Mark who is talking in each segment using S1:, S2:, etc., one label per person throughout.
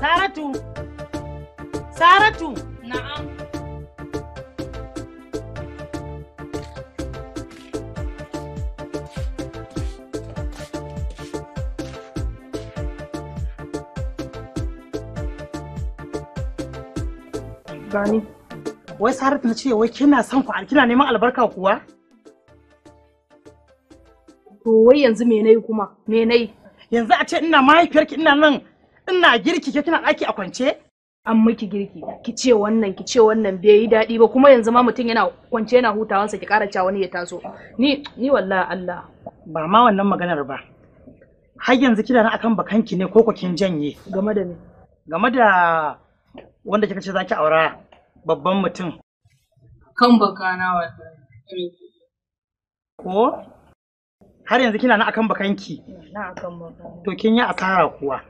S1: Saratu! Saratu! Na'am. Gani, wai Saratu na ce wai kina son ku kina neman albarka kuwa? To wai yanzu me nayi kuma? Me nayi? Yanzu a ce ina mahaifiyarki ina nan ina girki ke kina ɗaki a kwance an miki girki ki ce wannan ki ce wannan bai yi daɗi ba kuma yanzu ma mutum yana kwance yana hutawansa ki ƙara cewa wani ya taso ni ni wallahi Allah ba ma wannan maganar ba har yanzu kina nan akan bakanki ne ko kin janye game da me game da wanda kika ce zaki aura babban mutum kan bakana wallahi ko har yanzu kina nan akan bakanki na akan bakanki to kin yi asara kuwa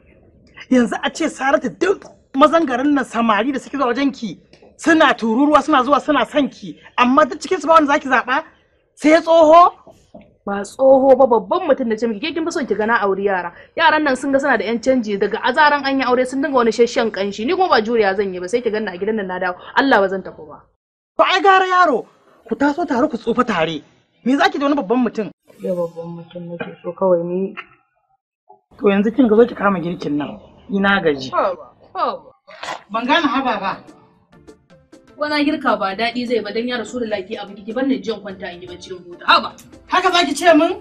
S1: yanzu a ce saratu duk mazan garin nan samari da suke zuwa wajen ki suna tururuwa suna zuwa suna son ki amma duk cikin su ba wanda zaki zaba sai tsoho ba tsoho ba babban mutum da ce miki kin fi son ki gana aure yara yaran nan sun ga suna da yan canji daga azaran an yi aure sun dinga wani shashen kanshi ni kuma ba juriya zan yi ba sai ki ganna a gidan nan na dawo Allah ba zan tafi ba Ko ai gara yaro ku taso tare ku tsofa tare me zaki da wani babban mutum ya babban mutum nake so kawai ni to yanzu kin ga zo ki kama girkin nan Ina gaji. Ban gane haba ba. Wana girka ba daɗi zai ba don ya rasu da laki abu ki bar ni jiyan kwanta in yi bacci in huta. Haba. Haka ki ce min?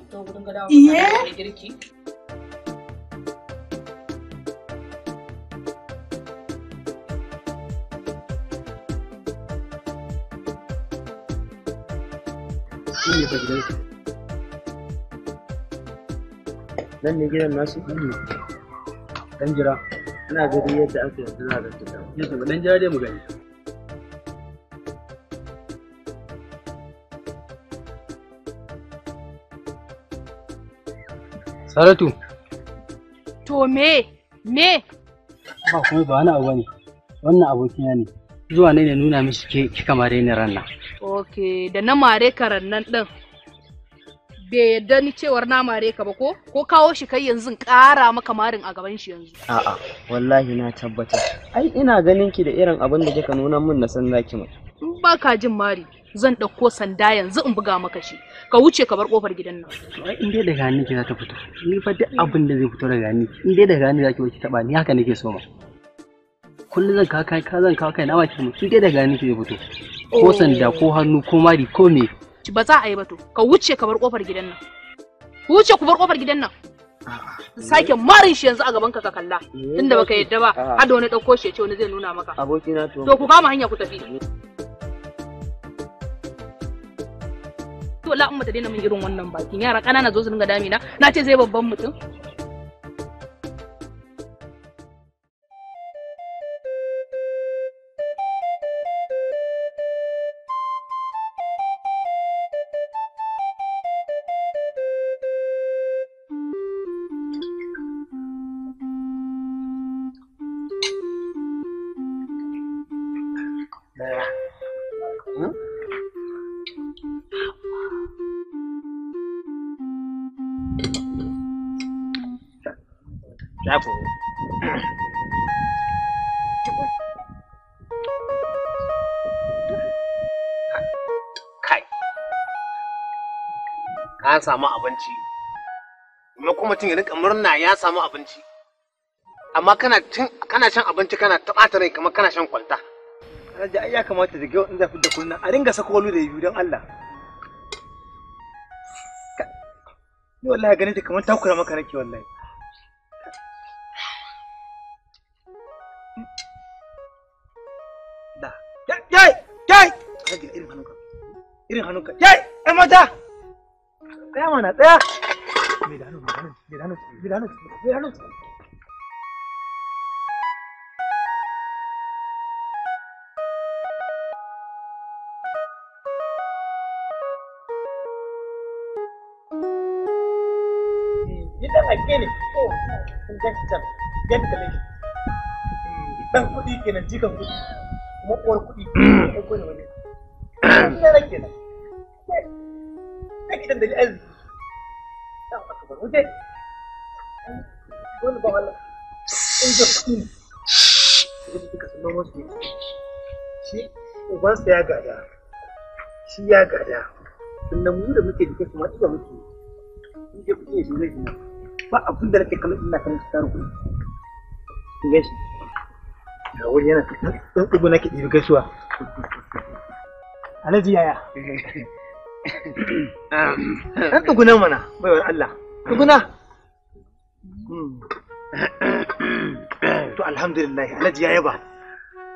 S1: Iye. Zan ne gidan nasu Nan ne gidan nasu? dan jira Ana gani yadda aka yanzu za a ta yadda mu dan jira dai mu gani Saratu. To me? Me? Ba kuma ba wani abu ne, Wannan abokina ne. Zuwa ne na nuna mishi ke kika mare ni ran nan. Okay, da na mare ka nan din. bai yadda ni cewar na mare ka ba ko ko kawo shi kai yanzu ƙara maka marin a gaban shi yanzu a'a wallahi na tabbata ai ina ganin ki da irin abin da kika nuna min na san zaki mai in ba ka jin mari zan ɗauko sanda yanzu in buga maka shi ka wuce ka bar kofar gidan nan ai in dai daga ni ki za ta fito ni fa duk abin da zai fito daga ni in dai daga hannun zaki wuce taba ni haka nake so ma kullum zan kawo kai ka zan kawo kai na ki mu in dai daga ni ki zai fito ko oh. sanda ko hannu ko mari ko me ci ba za a yi ba to ka wuce ka bar kofar gidan nan ku wuce ku bar kofar gidan nan sake marin shi yanzu a gaban ka ka kalla tunda baka yadda ba hada wani dauko shi ce wani zai nuna maka to to ku kama hanya ku tafi to la'amma ta daina min irin wannan bakin yara ƙanana zo su dinga damina na ce zai babban mutum ku kai ka samu abinci kuma kuma tun ya kamar murna ya samu abinci amma kana kana shan abinci kana taɓata rai kamar kana shan kwalta Alhaji ai ya kamata da gau inda zafi da kunna a ringa sako wani da biyu don Allah ni wallahi ganin ta kamar takura maka nake wallahi irin hannunka yai ai mata tsaya mana tsaya me da me da me da me da eh, ne, ko sun can, eh, kuɗi kenan, jikan kuɗi, kuma kuɗi, ne kenan. sai kiɗan da ji arziki yau aka bar wuce wani ba wala in ji kuɗi ne da suka sun mu da muke jikin ma ɗiga muke in ji kuɗi ne shi zai jina ba abin da nake ina su gaishe yana nake gaisuwa Ah. Ɗan tsuguna mana, baiwar Allah. Tsuguna. Hmm. To alhamdulillah, Alhaji ya yaba.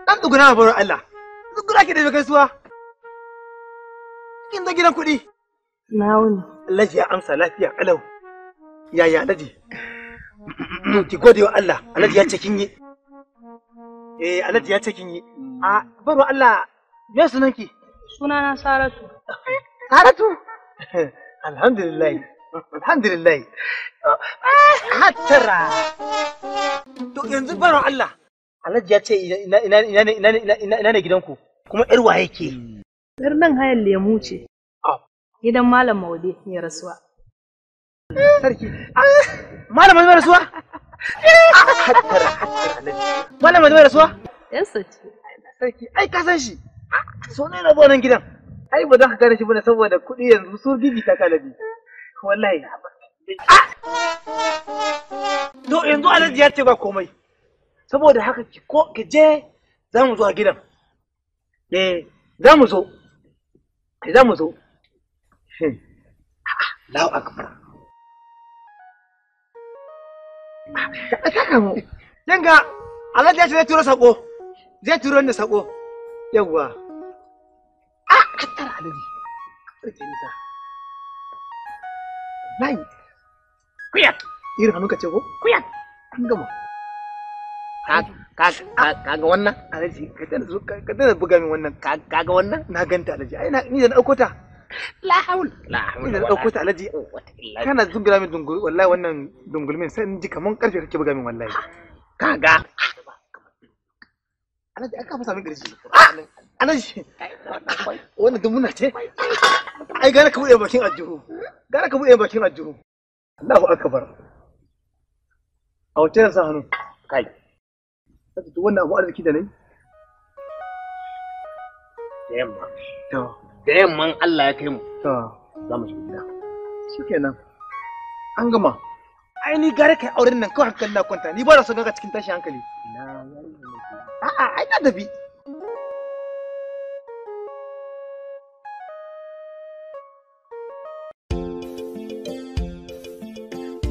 S1: Ɗan tsuguna ma baiwar Allah. Tsuguna ki da bai gaisuwa. Kin da gidan kuɗi. Na wuni. Alhaji ya amsa lafiya ƙalau. Yaya Alhaji? Ki gode wa Allah, Alhaji ya ce kin yi. Eh, Alhaji ya ce kin yi. A ah, baro Allah, me sunanki? Sunana Saratu. saratu alhamdulillah alhamdulillah hattara to yanzu baron Allah Alhaji ya ce ina ne gidanku kuma yar waye ke yar nan hayan lemu ce gidan malam Maude mai rasuwa sarki malam mai rasuwa hattara hattara malam mai rasuwa yan sarki ai ka san shi so ne rabo nan gidan ai ba za ka gane shi bane saboda kuɗi yanzu su gigi ta kalabi wallahi to yanzu alhaji ya ce ba komai saboda haka ki ko ki je za mu zo a gidan eh za mu zo eh, za mu zo hmm. Allahu akbar a saka mu yanga alhaji ya ce zai turo sako zai turo ni sako yawwa kaddar alaji karfe ni ta nai kuyat irin hannunka ce ko kuyat an gama kaga wannan alaji ka tana buga min wannan kaga wannan na ganta alaji ai ni da na dauko ta la haul la haul ni da na dauko ta alaji kana zungura min dungul wallahi wannan dungulmin sai in ji kaman karfe kake buga min wallahi kaga alaji aka fasa min karshe anan shi wannan dumuna ce ai gane ka buɗe bakin aljihu gane ka buɗe bakin aljihu Allahu akbar a wace yasa hannu kai sai to wannan abu arziki da nayi da yamma to da yamman Allah ya kai mu to za mu shiga shikenan an gama ai ni gare kai auren nan kawai hankali na kwanta ni ba da son ga cikin tashin hankali a'a ai na dabi